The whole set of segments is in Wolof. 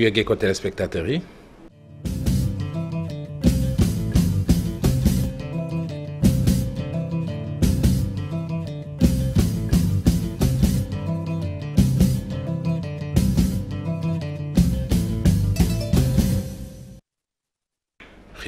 yu yeggee ko téléspectateurs yi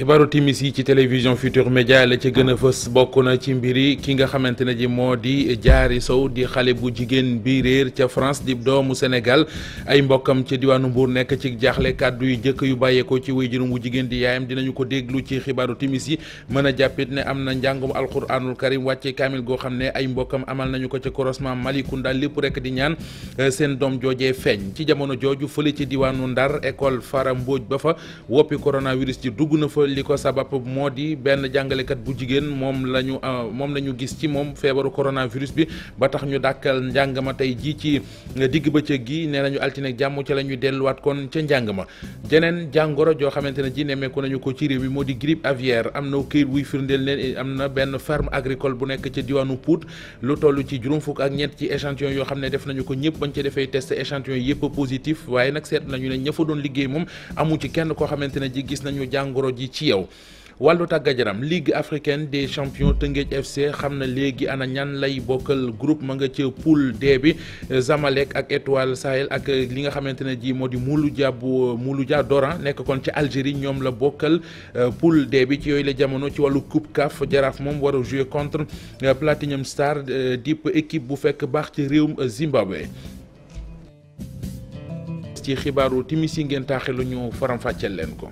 xibaaru timis yi ci télévision Futur Média la ci gën a fës bokk na ci mbiri ki nga xamante ne ji moo di jaari Sow di xale bu jigéen bi réer ca France di doomu Sénégal ay mbokkam ci diwaanu Mbour nekk ci jaaxle kàddu yu jëkk yu bàyyeekoo ci wéyjurum bu jigéen di yaayam dinañu ko déglu ci xibaaru timis yi mën a jàppit ne am na njàngum alquranul karim wàcce kaamil goo xam ne ay mbokkam amal nañu ko ca croisement Malicounda lépp rek di ñaan eh, seen doom joojee feeñ ci jamono jooju fële ci diwaanu Ndar école Fara li ko sabab moo di benn jàngalekat bu jigéen moom la ñu euh, moom la gis ci moom feebaru coronavirus bi ba tax ñu dàkkal njàng ma tey ji ci digg bëccëg gi nee nañu altine jàmm ci la ñuy delluwaat kon ca njàng ma jeneen jàngoro joo xamante ne ji nemmeeku nañu ko ci réew mi moo di grippe aviaire am na këyit wuy firndeel ne eh, am na benn ferme agricole bu nekk ci diwaanu Pout lu toll ci juróom fukk ak ñett ci échantillon yoo xam ne def nañu ko ñëpp bañ ci defee test échantillon yëpp positif waaye nag seet nañu ne ña fa doon liggéey moom amu ci kenn ci wàllu tàggat yaram ligue africaine des champions Teungueth FC xam na léegi ana ñan lay bokkal groupe ma nga ca poule D bi Zamalek ak Étoile Sahel ak li nga xamante ne ji moo di Mouloudia bu Mouloudia Doran nekk kon ci Algérie ñoom la bokkal euh, poule D bi ci yooyu la jamono ci wàllu coupe CAF Jaraaf moom war a contre euh, Platinum Star euh, dip équipe bu fekk baax ci réewum Zimbabwe. ci xibaaru timis yi ngeen taaxee lu ñu faram fàcceel leen ko.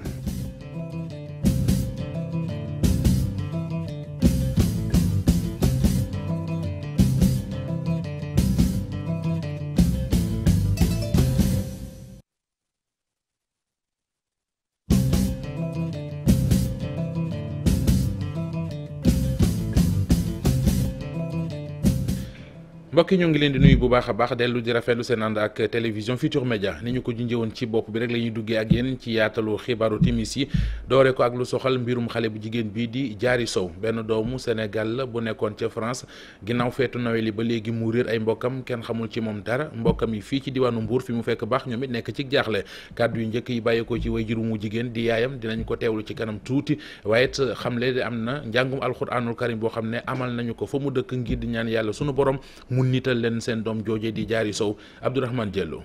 mbokk yi ñoo ngi leen di nuyu bu baax a baax dellu di rafetlu seen ànd ak télévision Futur Média ni ñu ko junjewoon ci bopp bi rek la ñuy duggee ak yéen ci yaatalu xibaaru timis yi doore ko ak lu soxal mbirum xale bu jigéen bii di jaari Sow benn doomu Sénégal la bu nekkoon ci France ginnaaw feetu Noël yi ba léegi mu réer ay mbokkam kenn xamul ci moom dara mbokkam yi fii ci diwaanu mbuur fi mu fekk baax ñoom it nekk ci jaaxle kàddu yu njëkk yi bàyyeekoo ci way jurumu jigéen di yaayam dinañ ko teewlu ci kanam tuuti waaye it xamle am na njàngum alxuraanul karim boo xam ne amal nañu ko fa mu dëkk ngir di ñaan yàlla sunu borom mu nital leen seen doom jooje di jaari sow Abdourahmane Diallo.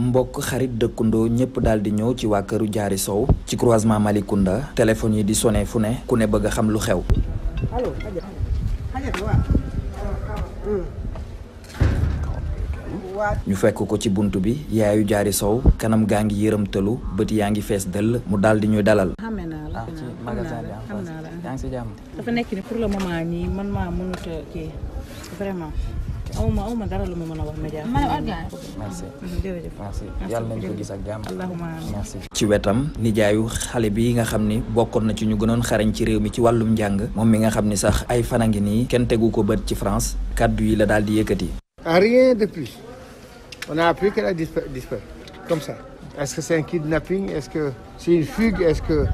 mbokk xarit dëkkandoo ñëpp dal di ñëw ci waa këru jaari sow ci croisement Malicounda téléphone yi di sone fu ne ku ne bëgg a xam lu xew. ñu fekk ko ci bunt bi yaayu jaari sow kanam gaa ngi yërëmtalu bët yaa ngi fees dëll mu daal di ñuy dalal. xame naa ah, ci nii man maa mënut ma mën a mhm, mhm, wetam nijaayu xale bi nga xam ni bokkoon na ci ñu gënoon xarañ ci réew mi ci wàllum njàng. moom mi nga xam ni sax ay fan a ngi nii kenn tegu ko bët ci France kàddu yi la daal di yëkkati. On a appris a disparu, comme ça. Est-ce que c'est un kidnapping? Est-ce que c'est une Est-ce que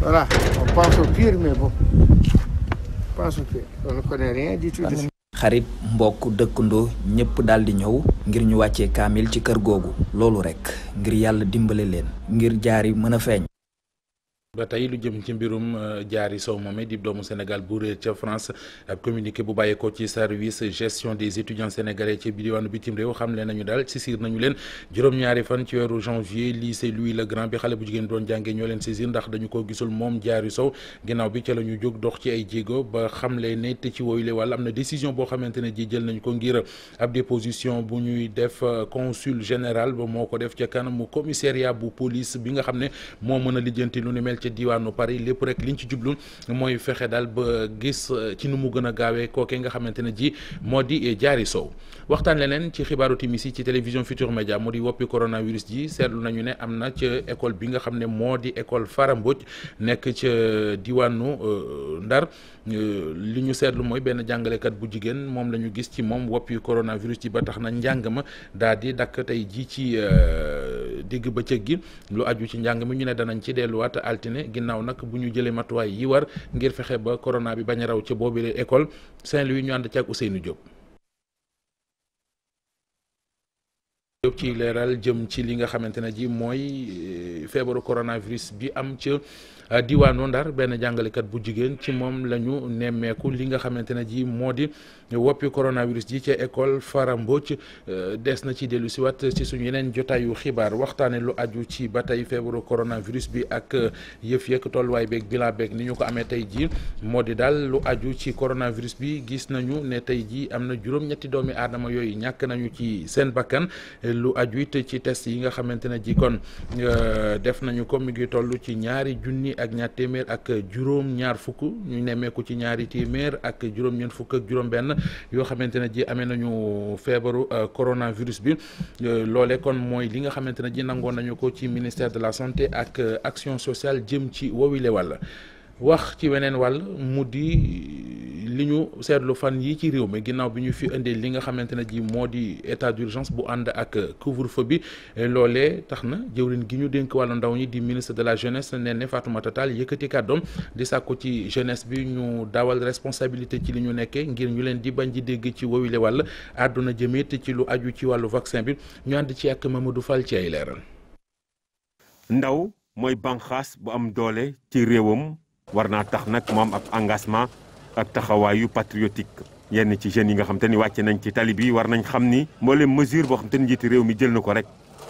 voilà, pense au pire mais bon. pense au pire. xarit mbokk dëkkandoo ñëpp daal di ñëw ngir ñu wàccee kaamil ci kër googu loolu rekk ngir yàlla dimbale leen ngir jaar yi mën a feeñ ba tey lu jëm ci mbirum jaari euh, Sow moome di doomu Sénégal bu réer ca France ab communiqué bu bàyyeekoo ci service gestion des étudiants sénégalais ci diwaanu bitim réew xam leen nañu daal saisir nañu leen juróom-ñaari fan ci weeru janvier lycée Louis le Grand bi xale bu jigéen doon jàngee ñoo leen saisir ndax dañu ko gisul moom Diary Sow ginnaaw bi ca la ñu jóg dox ci ay jéego ba xam leen ne te ci woyule wàll am na décision boo xamante ne ji jël nañ ko ngir ab déposition bu ñuy def euh, consul général ba moo ko def ca kanamu commissariat bu police bi nga xam ne moo mën a lijjanti lu ni mel ca diwaanu Paris lépp rek liñ ci jublu mooy fexe daal ba gis euh, ci nu mu gën a gaawee kookee nga xamante ne ji moo di jaari euh, sow waxtaan leneen ci xibaaru timis ci télévision Futur Média moo di woppi coronavirus ji seetlu nañu ne am na ca école bi nga xam ne moo di école Faramboj nekk ca diwaanu euh, Ndar li ñu seetlu mooy benn jàngalekat bu jigéen moom la ñu gis ci moom woppi coronavirus ji ba tax na njàng ma daal di dakk tey ji ci digg bëccëg gi lu aju ci njàng mi ñu ne danañ ci delluwaat altine ginnaaw nag bu ñu jëlee matuwaay yi war ngir fexe ba corona bi bañ a raw ci boobile école Saint-Louis ñu ànd ci ak Ousseynou Diop. yëpp leeral jëm ci li nga xamante ne ji mooy eh, feebaru coronavirus bi am ca eh, diwaanu Ndar benn jàngalekat bu jigéen ci moom la ñu nemmeeku li nga xamante ne ji moo di woppi coronavirus ji ci école Fara Mbodj euh, des na ci dellu si wat ci suñu yeneen jotaayu xibaar waxtaane lu aju ci ba tey feebaru coronavirus bi ak euh, yëf yëkk tolluwaay beeg bilan beeg ni ñu ko amee tey jii moo di daal lu aju ci coronavirus bi gis nañu ne tey jii am na juróom-ñetti doomi aadama yooyu ñàkk nañu ci seen bakkan lu aju it ci test yi nga xamante ne ji kon euh, def nañu ko mi ngi toll ci ñaari junni ak ñaar téeméer ak juróom-ñaar fukk ñu nemmeeku ci ñaari téeméer ak juróom fukk ak juróom yoo xamante ne ji amee nañu feebaru euh, coronavirus bi euh, loole kon mooy li nga xamante ne ji nangoon nañu ko ci ministère de la santé ak euh, action sociale jëm ci wowile wàll wax ci weneen wàll mu di li ñu seetlu fan yi ci réew mi ginnaaw bi ñu fi indee li nga xamante ne ji moo di état d'urgence bu ànd ak couvre-feu bi loolee tax na jëwriñ gi ñu dénk wàllu ndaw ñi di ministre de la jeunesse Néné Fatoumata Tall yëkkati kàddoom di sàkku ci jeunesse bi ñu dawal responsabilité ci li ñu nekkee ngir ñu leen di bañ di dégg ci wowile wàll àdduna jëmeet ci lu aju ci wàllu vaccin bi ñu ànd ci ak Mamadou Fall ci ay leeral. ndaw mooy banqaas bu am doole ci réewam war naa tax nag moom ab engagement. ak taxawaayu patriotique yenn ci jeunes yi nga xam te ni wàcce nañ ci tali bi war nañ xam ni mboolem mesure boo xam te ni njiiti réew mi jël na ko rek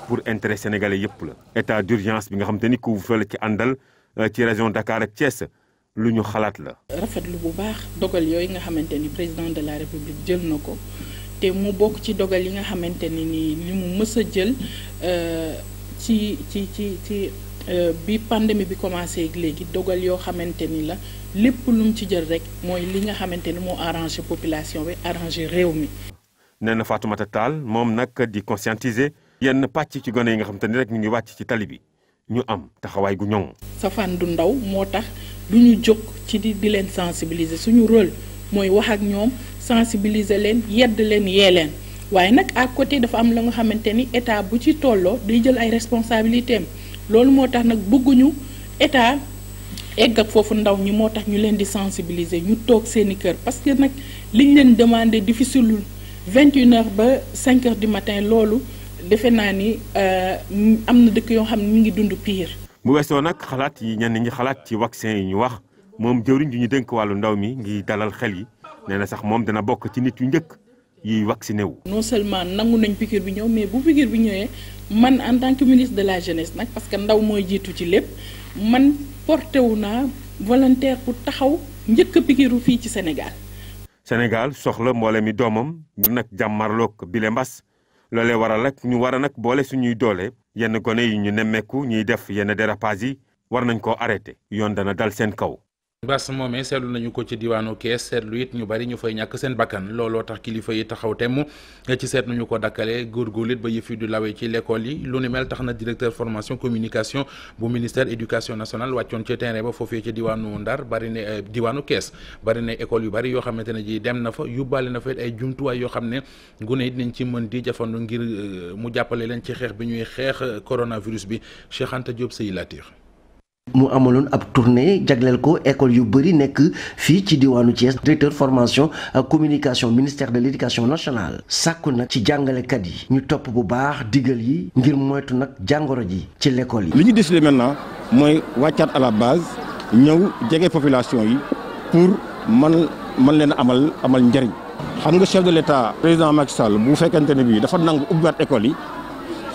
pour intérêt sénégalais yëpp la. état d'urgence bi nga xam te ni couvre-feu la ci àndal euh, ci région Dakar ak Thiès lu ñu xalaat la. rafet lu bu baax dogal yooyu nga xamante ni président de la république jël na ko te mu bokk ci dogal yi nga xamante ni li mu mës a jël euh, ci ci ci ci. Euh, bi pandémie bi commencé léegi dogal yoo xamante ni la lépp lu mu ci jël rek mooy li nga xamante ni moo arrangé population bi arrangé réew mi. nee na Fatoumata Tall moom nag di conscientiser yenn pàcc ci gone yi nga xamante ni rek ñu ngi wàcc ci tali bi ñu am taxawaay gu ñoŋ. safaan du ndaw moo tax du ñu jóg ci di di leen sensibiliser suñu rôle mooy wax ak ñoom sensibiliser leen yedd leen yee leen waaye nag à côté dafa am la nga xamante ni état bu ci tolloo day jël ay responsabilités loolu moo tax nag bëgguñu état egg ak foofu ndaw ñi moo tax ñu leen di sensibiliser ñu toog seeni kër parce que nag liñ leen demandé difficile vingt une ba cinq heures du matin loolu defe naa ni euh, am na dëkk yoo xam ne ñu ngi dund pire. mu weesoo nag xalaat yi ñenn ñi xalaat ci vaccin yi ñu wax moom jëwriñ ju ñu dënk wàllu ndaw mi ngi dalal xel yi nee na sax moom dana bokk ci nit yu njëkk. yiy vacciné wu. non seulement nangu nañ piqûre bi ñëw mais bu piqûre bi ñëwee man en tant que ministre de la jeunesse nag parce que ndaw mooy jiitu ci lépp man porté wu naa volontaire pour taxaw njëkk pikiiru fii ci Sénégal. Sénégal soxla mboole mi doomam ngir nag jàmmarloog bile mbas loolee waral ak ñu war a nag boole suñuy doole yenn gone yi ñu nemmeeku ñuy def yenn dérapage yi war nañ ko arrêté yoon dana dal seen kaw. mbas moomee seetlu nañu ko ci diwaanu Kees seetlu it ñu bari ñu fay ñàkk seen bakkan looloo tax kilifa yi taxaw temm ci seet nañu ko dakkale góorgóorlit ba yëf yi du lawee ci l'école yi lu ni mel tax na directeur formation communication bu ministère éducation nationale wàccoon ci terrain ba foofee ci diwaanu Ndar bari ne eh, diwaanu Kees bari ne école yu bari yoo xamante ne ji dem na fa yóbbaale na fa it ay jumtuwaay yoo xam ne gune it nañ ci mën di jafandu ngir eh, mu jàppale leen ci xeex bi ñuy xeex eh, coronavirus bi Cheikh Anta Diop Sey Latir mu amaloon ab tournée jagleel ko école yu bëri nekk fii ci diwaanu Thiès directeur formation ak communication ministère de l' éducation nationale sàkku nag ci jàngalekat yi ñu topp bu baax diggal yi ngir moytu nag jàngoro ji ci l' yi. li ñu décidé maintenant mooy wàccaat à la base ñëw jege population yi pour man man leen amal amal njariñ xam nga chef de l' état président Macky Sall bu fekkante ne bii dafa nangu ubbiwaat école yi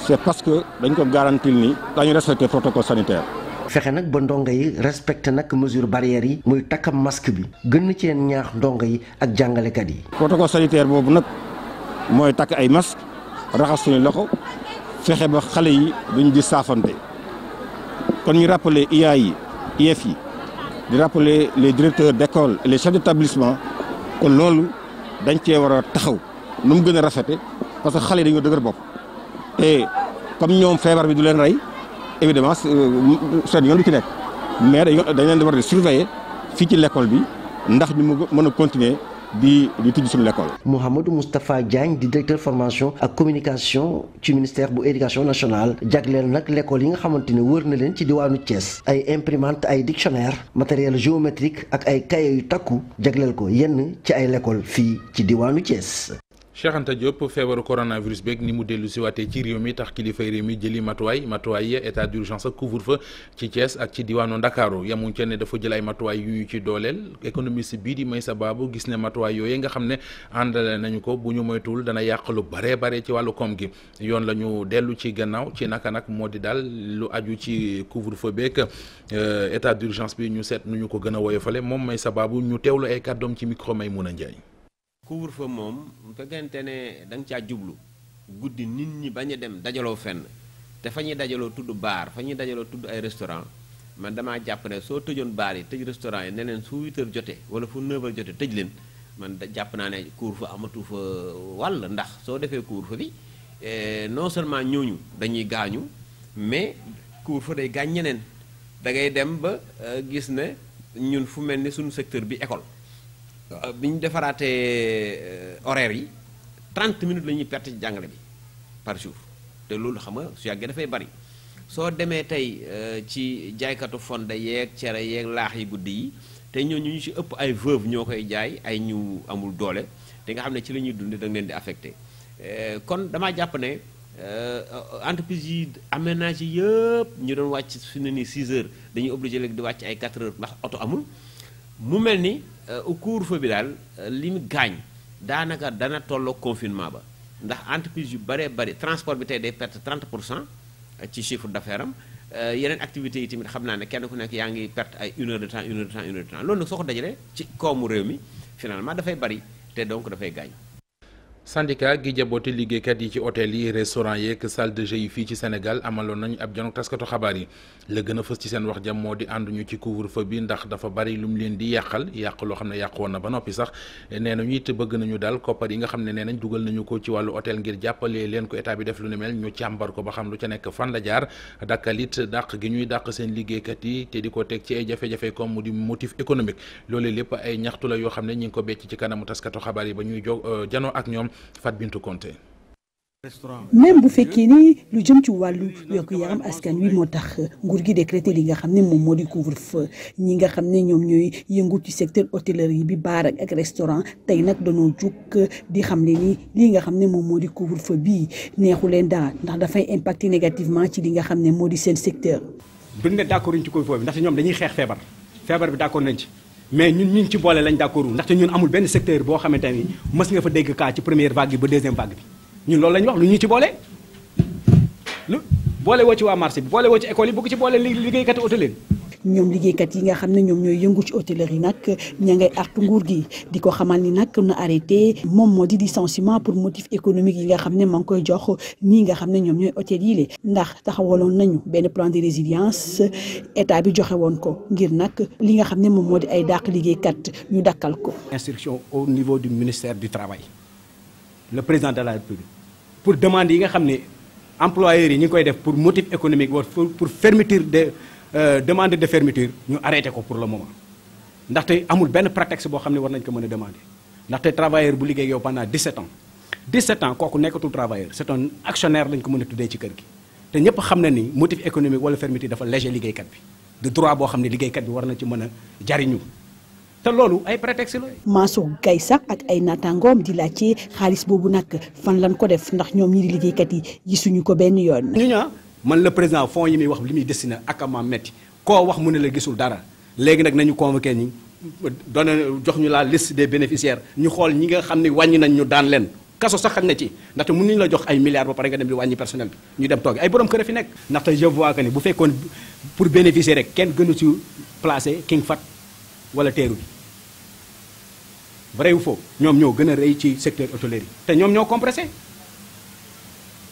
c' est parce que dañ ko garantir ni dañu respecté protocole sanitaire. fexe nag ba ndongo yi respecté nag mesure barrière yi muy takkam masque bi gën ci leen ñaax ndongo yi ak jàngalekat yi. protocole sanitaire boobu nag mooy takk ay masque raxas suñu loxo fexe ba xale yi duñ di saafante kon ñu rappeler IA yi IEF yi di rappeler les directeurs d'école et les chefs d'établissement kon loolu dañ cee war a taxaw nu mu gën a rafete parce que xale yi dañoo dëgër bopp te comme ñoom feebar bi du leen rey. évidemment euh, seen yoon du ci nekk mais dañ leen di war di surveiller fii ci lekkool bi ndax ñu mën a continuer di di tudd suñu lekkool Mouhamadou Moustapha Diagne di directeur formation ak communication ci ministère bu éducation nationale jagleel nag lekkool yi nga xamante ne wër na leen ci diwaanu Thiès. ay imprimante ay dictionnaire matériel géométrique ak ay cahier yu takku jagleel ko yenn ci ay lekkool fii ci diwaanu Thiès. Cheikh Anta feebaru coronavirus beeg ni mu dellu si ci réew mi tax kilifay réew mi jëli matuwaay matuwaay état d'urgence ak couvre-feu ci Thiès ak ci diwaanu Ndakaaru yamuñ ca ne dafa jël ay matuwaay yu ñu ci dooleel économiste bii di sa Babou gis ne matuwaay yooyu nga xam ne àndale nañu ko bu ñu moytuwul dana yàq lu baree bare ci wàllu koom gi yoon la ñu dellu ci gannaaw ci naka nag moo di daal lu aju ci couvre-feu beeg euh, état d'urgence bi ñu seet nu ñu ko gën a woyofale moom Meissa Babou ñu teewlu ay kàddoom ci micro Maymouna Ndiaye couvre-feu moom bu fekkente ne danga nga caa jublu guddi nit ñi bañ dem dajaloo fenn te fa ñuy dajaloo tudd baar fa ñuy dajaloo tudd ay restaurant man damaa jàpp ne soo tëjoon baar yi tëj restaurant yi ne leen su 8 jotee wala fu 9 heures jotee tëj leen man jàpp naa ne couvre-feu amatu fa wàll ndax soo defee couvre-feu bi eh, non seulement ñooñu dañuy gaañu mais couvre-feu day gaañ ñeneen da ngay dem ba eh, gis ne ñun fu mel ni sunu secteur bi école Euh, bi ñu defaraatee euh, horaire yi 30 minutes la ñuy perte ci jàngale bi par jour te loolu xam nga su yàggee dafay bari soo demee tey euh, ci jaaykatu fonde yeeg cere yeeg laax yi guddi yi te ñooñu ñu ci ëpp ay veuve ñoo koy jaay ay ñu amul doole te nga xam ne ci la ñuy dundee da leen di affecté kon damaa jàpp ne entreprise yi aménagé yëpp ñu doon wàcc fi ne nii 6 heures dañuy obligé léegi di wàcc ay 4 heures ndax oto amul mu mel ni. Euh, couvre-feu bi daal euh, li mu gaañ daanaka dana tolloo confinement ba ndax entreprise yu bëree bari transport bi tey day perte 30 pour cent euh, ci chiffre d'affaires am yeneen activité yi tamit xam naa ne kenn ku nekk yaa ngi perte ay une heure de temps une heure de temps une loolu nag soo ko dajalee ci koomu réew mi finalement dafay bëri te donc dafay gaañ. syndicat gi jaboote liggéeykat yi ci hôtel yi restaurant yeeg salle de jeu yi fii ci Sénégal amaloon nañ ab janook taskatu xabaar yi la gën a fës ci seen wax jam moo di ànduñu ci couvre-feu bi ndax dafa bari lu mu leen di yàqal yàq loo xam ne yàq woon na ba noppi sax nee nañu it bëgg nañu daal koppar yi nga xam ne nee nañ dugal nañu ko ci wàllu hôtel ngir jàppale leen ko état bi def lu ni mel ñu càmbar ko ba xam lu ca nekk fan la jaar dakkal it dàq gi ñuy dàq seen liggéeykat yi te di ko teg ci ay mu di motif économique loolee lépp ay ñaxtu la yoo xam ne ñi ngi ko becc ci kanamu taskatu xabaar yi ba ñuy jo euh, janoo ak ñoom Fat Bintou Konté même bu fekkee ni lu jëm ci wàllu wérgu am askan wi moo tax nguur gi décrété li nga xam ne moom moo di couvre feu ñi nga xam ne ñoom ñooy yëngu ci secteur yi bi baar ak restaurant tey nag dañoo jug di xam ne ni li nga xam ne moom moo di couvre feu bii neexu leen daal ndax dafay impacter négativement ci li nga xam ne moo di seen secteur. duñ ne d'accord ci couvre feu bi ndax ñoom dañuy xeex feebar feebar bi d'accord nañ ci. mais ñun ñun ci boole lañ d'accord ndaxte ñun amul benn secteur boo xamante ni mës nga fa dégg cas ci première vague bi ba deuxième vague bi ñun loolu lañu wax lu ñu ci boole. lu boole woo ci waa marché bi boole woo ci école yi bëgg ci boole liggéeykati oto leen ñoom kat yi nga xam ne ñoom ñooy yëngu ci hôtellerie nag ña ngay artu nguur gi di ko xamal ni nag na arrêté moom moo di licenciement pour motif économique yi nga xam ne ma ngi koy jox ñii nga xam ne ñoom ñooy hôtel yi le ndax taxawaloon nañu benn plan de résilience état bi joxe woon ko ngir nag li nga xam ne moom moo di ay dàq kat ñu dakkal ko. instruction au niveau du ministère du travail le président de la République pour demande yi nga xam ne employeurs yi ñu ngi koy def pour motif économique wala pour pour fermeture de. Euh, demande de fermeture ñu arrêté ko pour le moment ndaxte amul benn prétexte boo xam ne war nañ ko mën a demande ndaxte travailleur bu liggéey yow pendant 17 ans 17 ans kooku nekkatul travailleur c'est un actionnaire lañ ko mën a tuddee ci kër gi te ñëpp xam na ni motif économique wala fermeture dafa léger liggéeykat bi de droit boo xam ne liggéeykat bi war na ci mën a jariñu te loolu ay prétexte la. Mansour Gaye sax ak ay naataangoom di laajte xaalis boobu nag fan lañ ko def ndax ñoom ñi di yi gisuñu ko benn yoon. ñu man la président fonds yi muy wax li muy destiné ak ma metti koo wax mu ne la gisul dara léegi nag nañu convoqué ñi doon jox ñu laa liste de bénéficiaires ñu xool ñi nga xam ni wàññi nañ ñu daan leen kaso sax xaj na ci ndaxte mën nañu la jox ay milliards ba pare nga dem di wàññi personnel bi ñu dem toogi ay borom kër fi nekk ndaxte je vois que ni bu fekkoon pour bénéficier rek kenn gënu ci placé King Fat wala teeru bi vrai ou ñoom ñoo gën a rëy ci secteur hôtellerie te ñoom ñoo compressé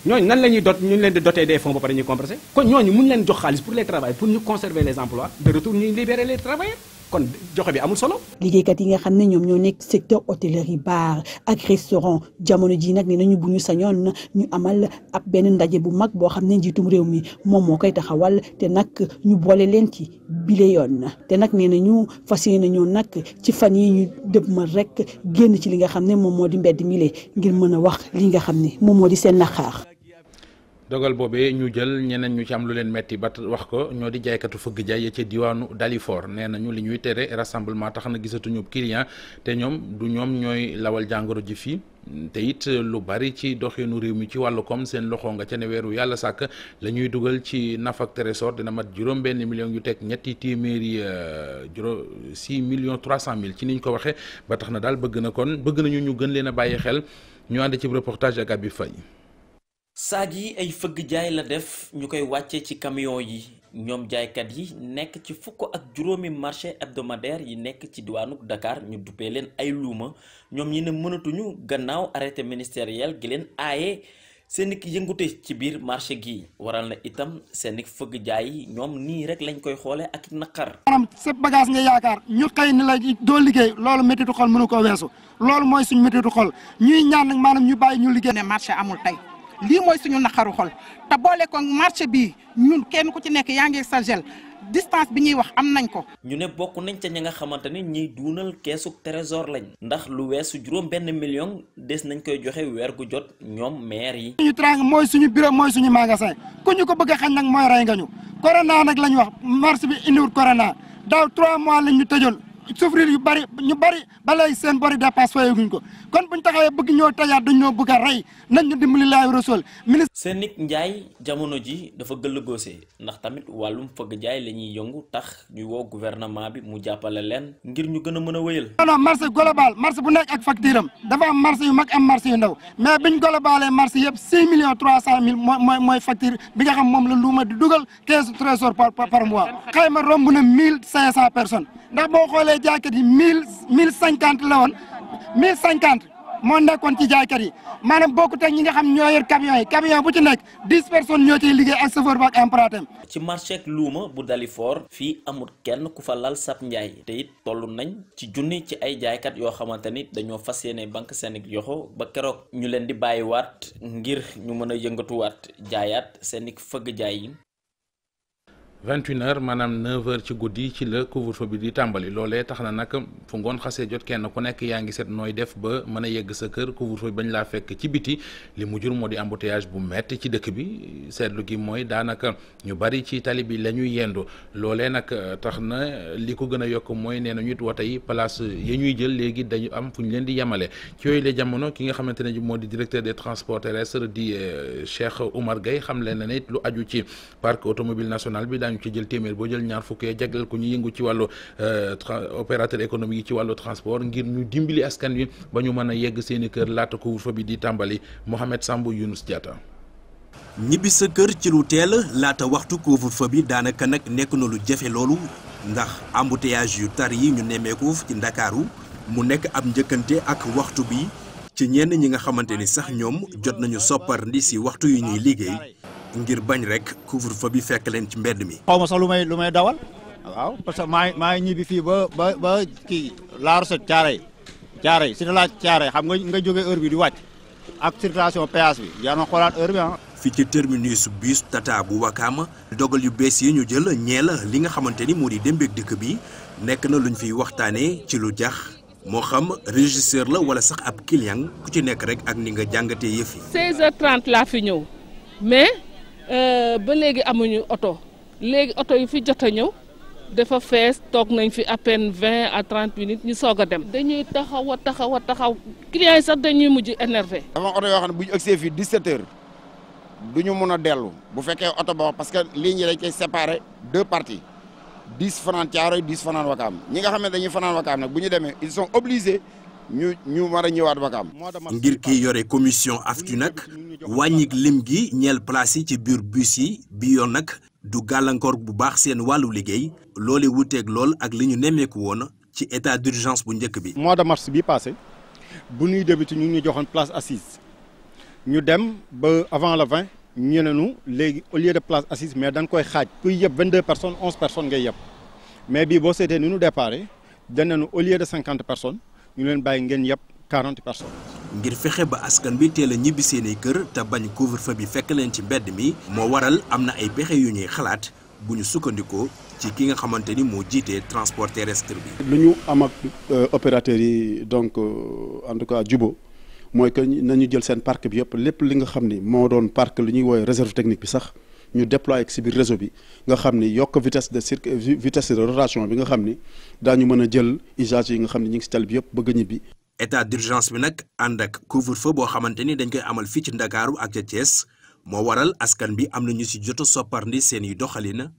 ñooñu nan la ñuy dot ñu leen di doter des fonds ba pare ñuy compenser kon ñooñu mun leen jox xaalis pour les travailleurs pour ñu conserver les emplois de retour ñuy libérer les travailleurs kon joxe bi amul solo. liggéeykat yi nga xam ne ñoom ñoo nekk secteur hôtellerie bar ak restaurant jamono ji nag nee nañu bu ñu sañoon ñu amal ab benn ndaje bu mag boo xam ne njiitum réew mi moom moo koy taxawal te nag ñu boole leen ci bile yoon te nag nee nañu fas yéene ñoo nag ci fan yi ñu dëbmal rek génn ci li nga xam ne moom moo di mbedd mile ngir a wax li nga xam ne moom moo di seen naqaar. dogal boobe ñu jël ñeneen ñu ci am lu leen metti ba wax ko ñoo di jaaykatu fëgg jaay ya ca diwaanu Dalifort nee nañu li ñuy tere rassemblement tax na gisatuñu client te ñoom du ñoom ñooy lawal jàngoro ji fii te it lu bari ci doxinu réew mi ci wàllu koom seen loxo nga ca ne weeru yàlla sàkk lañuy dugal ci nafak trésor dina mat juróom benn million yu teg ñetti téeméeri euh, juróom six million trois cent mille ci niñ ko waxee ba tax na daal bëgg na kon bëgg nañu ñu leen a bàyyi xel ñu ànd ci reportage ak Abi Faye saag yi ay fëgg jaay la def ñu koy wàccee ci camion yi ñoom jaaykat yi nekk ci fukk ak juróomi marché hebdomadaire yi nekk ci diwaanu Dakar ñu duppee leen ay luuma ñoom ñi ne mënatuñu gannaaw arrêté ministériel gi leen aaye seen i yëngute ci biir marché gi waral na itam seen i fëgg jaay yi ñoom nii rek lañ koy xoolee ak naqar. maanaam sa bagage nga yaakaar ñu xëy ni la doo liggéey loolu métti du xol mënu ko weesu loolu mooy suñ métti du xol ñuy ñaan nag maanaam ñu bàyyi ñu liggéey. marché amul tey. lii mooy suñu naqaru xol te boole ko marché bi ñun kenn ku ci nekk yaa ngi sa gel distance bi ñuy wax am nañ ko. ñu ne bokk nañ ca ña nga xamante ni ñiy duunal keesug trésor lañ. ndax lu weesu juróom benn million des nañ koy joxe weer gu jot ñoom maire yi. ñu trang mooy suñu bureau mooy suñu magasin ku ñu ko bëgg a xañ nag mooy rey nga ñu corona nag la ñu wax marché bi indiwul corona daaw 3 mois lañ ñu tëjoon souffrir yu bari ñu bari balay seen bori dépasse fayaguñ ko. kon buñ taxawee bëgg ñoo tajaat dañ ñoo bëgg a rey nañ ñu dimbali laay rasul ministre Senik jamono ji dafa gëll goosee ndax tamit wàllum fëgg jaay la ñuy yëngu tax ñuy woo gouvernement bi mu jàppale leen ngir ñu gën a mën a wéyal non marché global marché bu nekk ak facture am dafa am marché yu mag am marché yu ndaw mais biñ globalee marché yëpp six millions trois cent mille mooy mooy mooy facture bi nga xam moom la luuma di dugal quinze trésor par par mois xayma romb mille cinq cent personnes ndax boo xoolee jaaykat yi mille mille cinquante la woon mille cinquante moo nekkoon ci jaaykat yi maanaam bokkut ak ñi nga xam ñoo yor camion yi camion bu ci nekk dix personnes ñoo ciy liggéey ak chauffeur ba ak impérateur ci marché ak luuma bu foor fii amul kenn ku fa lal sab njaay te it toll nañ ci junni ci ay jaaykat yoo xamante ni dañoo fas yéene banque seeni i ba keroog ñu leen di bàyyiwaat ngir ñu mën a yëngatuwaat jaayaat seeni i fëgg jaay yi vingt une heures maanaam neuf ci guddi ci la couvre-feu bi di tàmbali loolee tax na nag fu ngoon xasee jot kenn ku nekk yaa ngi seet nooy def ba mën a yegg sa kër couvre-feu bi bañ laa fekk ci biti li mu jur moo di embouteillage bu metti ci dëkk bi seetlu gi mooy daanaka ñu bari ci tali bi la ñuy yendu loolee nag euh, tax na li ko gën a yokk mooy nee na ñu it wote yi place ñuy jël léegi dañu am fu ñu leen di yemale ci yooyu la jamono ki nga xamante ne moo di directeur des transports terrestres di euh, Cheikh Oumar Gueye xam leen na aju daañu ci jël téeméer boo jël ñaar fukk ko ñu yëngu ci wàllu euh, opérateur économique yi ci wàllu transport ngir ñu dimbali askan wi ba ñu mën a yegg seeni kër laata couvre-feu bi di tàmbali Mohamed Sambou Younous Diatta. ñibbi sa kër ci lu teel laata waxtu couvre-feu bi daanaka nag nekk na lu jafe loolu ndax embouteillage yu tar yi ñu nemmeeku ci ndakaaru mu nekk ab njëkkante ak waxtu bi ci ñenn ñi nga xamante ni sax ñoom jot nañu soppar ndi si waxtu yu ñuy liggéey ngir bañ rek couvre fa bi fekk leen ci mbedd mi. xaw ma sax lu may lu may dawal waaw parce que maa maa ñibbi fii ba ba ba kii laaru set caare yi caare yi si la caare xam nga nga jóge heure bi di wàcc ak circulation péage bi yaa ngi xoolaat heure bi ah. fii ci terminus bus Tata bu wakaama dogal yu bees yi ñu jël ñeela li nga xamante ni moo di dem ak dëkk bi nekk na lu luñ fiy waxtaanee ci lu jax moo xam régisseur la wala sax ab client ku ci nekk rek ak ni nga jàngatee yëf yi. Euh, ba léegi amuñu oto léegi oto yi fi jot a ñëw dafa fees toog nañ fi apen vingt à trente minutes ñu soog a dem. dañuy taxaw a taxaw a taxaw clients yi sax dañuy mujj énervé. dama oto yoo xam ne bu ñu agsee fii 17 heures du ñu mun a dellu bu fekkee oto boo parce que lii yi dañ koy séparé deux parties dix fanaan Thiaroye dix fanaan Wakaam ñi nga xam ne dañuy fanaan Wakaam nag bu ñu demee ils sont obligés. ñu ñu war a ñëwaat Wakaam. ngir ki yore commission AFTU nag wàññik lim gi ñeel place yi ci biir bus yi bi yoon nag du gàllankoor bu baax seen wàllu liggéey loole wuuteeg lool ak li ñu nemmeeku woon ci état d'urgence bu njëkk bi. mois de mars bi passé bu ñuy débuté ñu ñu joxoon place assise ñu dem ba avant le 20 ñu ne ñu léegi au lieu de place assise mais dañ koy xaaj kuy yëpp 22 personnes 11 personnes ngay yëpp mais bii boo seetee ni ñu déparé danañu au lieu de personnes. ñu leen bàyyi ngeen yàpp 40 personnes. ngir fexe ba askan bi teel a ñibbi seen i kër te bañ couvre-feu bi fekk leen ci mbedd mi moo waral am na ay pexe yu ñuy xalaat bu ñu sukkandikoo ci ki nga xamante ni moo jiite transport terrestre bi. lu ñu am ak euh, opérateurs yi donc euh, en tout cas jubo mooy que nañu jël seen parc bi yëpp lépp li nga xam ni moo doon parc lu ñuy woowee réserve technique bi sax. ñu déployer ci biir réseau bi nga xam ni yokk vitesse de cirque vitesse de bi nga xam ni daañu mën a jël usage yi nga xam ni ñu ngi ci tali bi yëpp bëgg a ñibbi. état d'urgence bi nag ànd ak couvre-feu boo xamante ni dañ koy amal fii ci Ndakaaru ak ca Thiès moo waral askan bi am na ñu ci jot a sopparndi seen i doxalin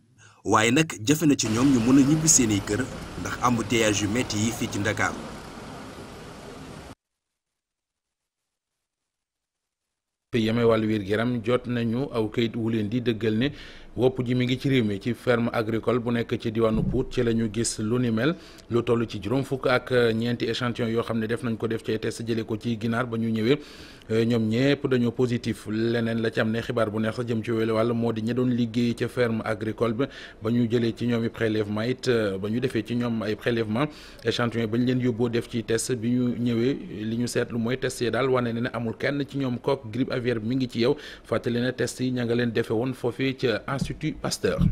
waaye nag jafe na ci ñoom ñu mën a ñibbi seen i kër ndax embouteillage yu métti yi fii ci Ndakaaru. yeme wàllu wér gu jot nañu aw kayit wu leen di dëggal ne wopp ji mi ngi ci réew mi ci ferme agricole bu nekk ci diwaanu Pout ci la ñu gis lu ni mel lu toll ci juróom fukk ak ñeenti échantillon yoo xam ne def nañ ko def ci test jëlee ko ci ginaar ba ñu ñëwee euh, ñoom ñëpp dañoo positif leneen la ci am ne xibaar bu neex sax jëm ci welu wàll moo di ña doon liggéey ca ferme agricole bi ba ñu jëlee ci ñoom i prélèvement it euh, ba ñu defee ci ñoom ay prélèvement échantillon ba ñu leen yóbboo def ci test bi ñu ñëwee li ñu seetlu mooy test yi daal wane ne ne amul kenn ci ñoom kook grippe aviaire bi mi ngi ci yow fàttali ne yi ña nga leen defee woon foofii institut Pasteur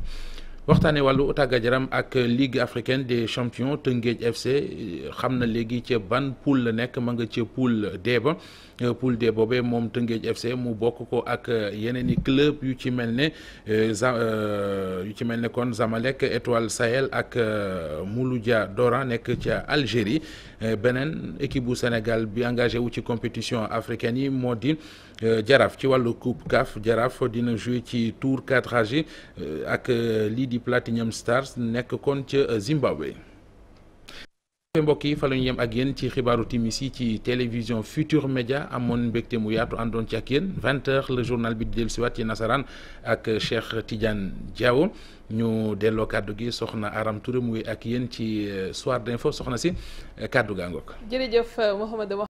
waxtaanee wàllu tàggat yaram ak ligue africaine des champions tëngéej FC xam na léegi ca ban poule la nekk ma nga ca poule D ba euh, poule de boobee moom tëngéej FC mu bokk ko ak yeneen i club yu ci mel ne euh, euh, yu ci mel ne kon Zamalek Étoile Sahel ak Mouloudia Dora nekk ca Algérie beneen équipe bu Sénégal bi engagé wu ci compétition africaine yi moo di. Euh, jaraaf ci wàllu coupe CAF jaraaf dina joué ci tour 4H euh, ak euh, lii di Platinum Stars nekk kon ca Zimbabwe. mbokk yi fa la ñu yem ak yéen ci xibaaru timis yi ci télévision Futur Média amoon mbégte mu yaatu àndoon ci ak yéen 20 le journal bi di dellusiwaat ci nasaraan ak Cheikh Tidiane Diawo ñu delloo kàddu gi soxna Aram Touré muy ak yéen ci soir d'info soxna si kàddu gaa ngoog.